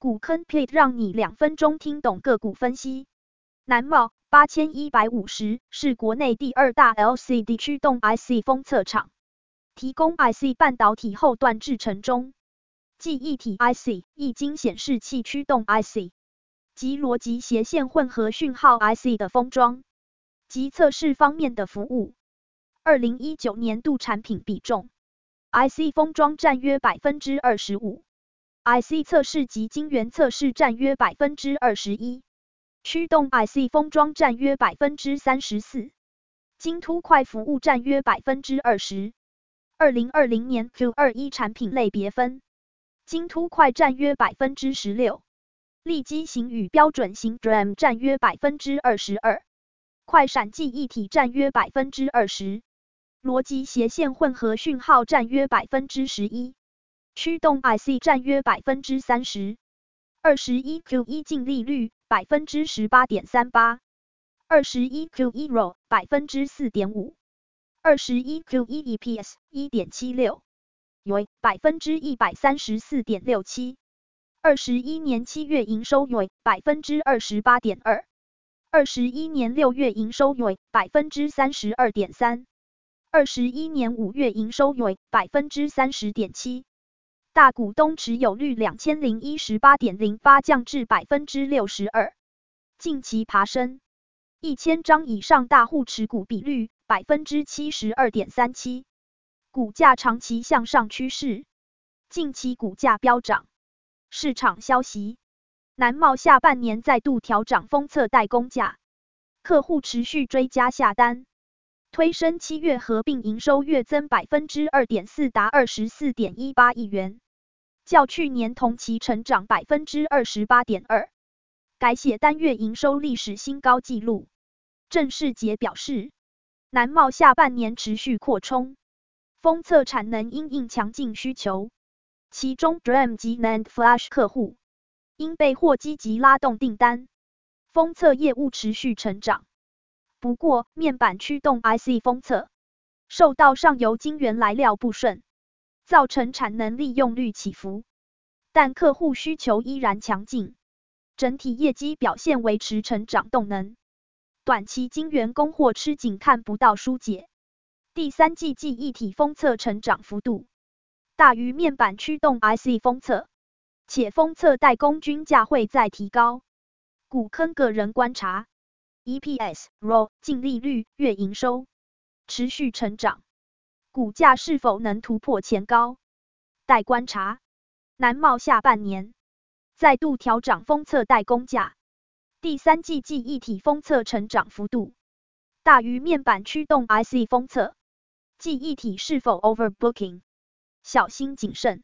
股坑 Pit 讓你兩分鐘聽懂個股分析。南茂八千一百五十是國內第二大 LCD 驅動 IC 封測廠，提供 IC 半導體後段製程中，記憶體 IC、液晶顯示器驅動 IC 及邏輯斜線混合訊號 IC 的封裝及測試方面的服務。二零一九年度產品比重，IC 封裝佔約百分之二十五。IC 測試及晶圓測試占約百分之二十一，驅動 IC 封裝占約百分之三十四，晶凸塊服務占約百分之二十。二零二零年 Q 二一產品類別分，晶凸塊占約百分之十六，利基型與標準型 DRAM 占約百分之二十二，快閃記憶體占約百分之二十，邏輯斜線混合訊號占約百分之十一。驅動 I C 占約百分之三十。二十一 Q 一、e、淨利率百分之十八點三八。二十一 Q e ROA 百分之四點五。二十一 Q 一、e、EPS 一點七六。YoY 百分之一百三十四點六七。二十一年七月營收 y 2 8百分之二十八點二。二十一年六月營收 y 3 2百分之三十二點三。二十一年五月營收 y 3 0百分之三十點七。大股東持有率兩千零一十八點零八降至百分之六十二，近期爬升。一千張以上大戶持股比率百分之七十二點三七，股價長期向上趨勢，近期股價飆漲。市場消息：南茂下半年再度調漲封測代工價，客戶持續追加下單，推升七月合併營收月增百分之二點四達二十四點一八億元。較去年同期成長百分之二十八點二，改寫單月營收歷史新高紀錄。鄭世杰表示，南茂下半年持續擴充封測產能，因應強勁需求，其中 DRAM 及 NAND Flash 客戶因備貨積極拉動訂單，封測業務持續成長。不過，面板驅動 IC 封測受到上游晶圓來料不順。造成產能利用率起伏，但客戶需求依然強勁，整體業績表現維持成長動能。短期晶圓供貨吃緊，看不到疏解。第三季記憶體封測成長幅度大於面板驅動 IC 封測，且封測代工均價會再提高。股坑個人觀察，EPS、ROE、淨利率、月營收持續成長。股價是否能突破前高，待觀察。南茂下半年再度調漲封測代工價，第三季記憶體封測成長幅度大於面板驅動 IC 封測，記憶體是否 overbooking？小心謹慎。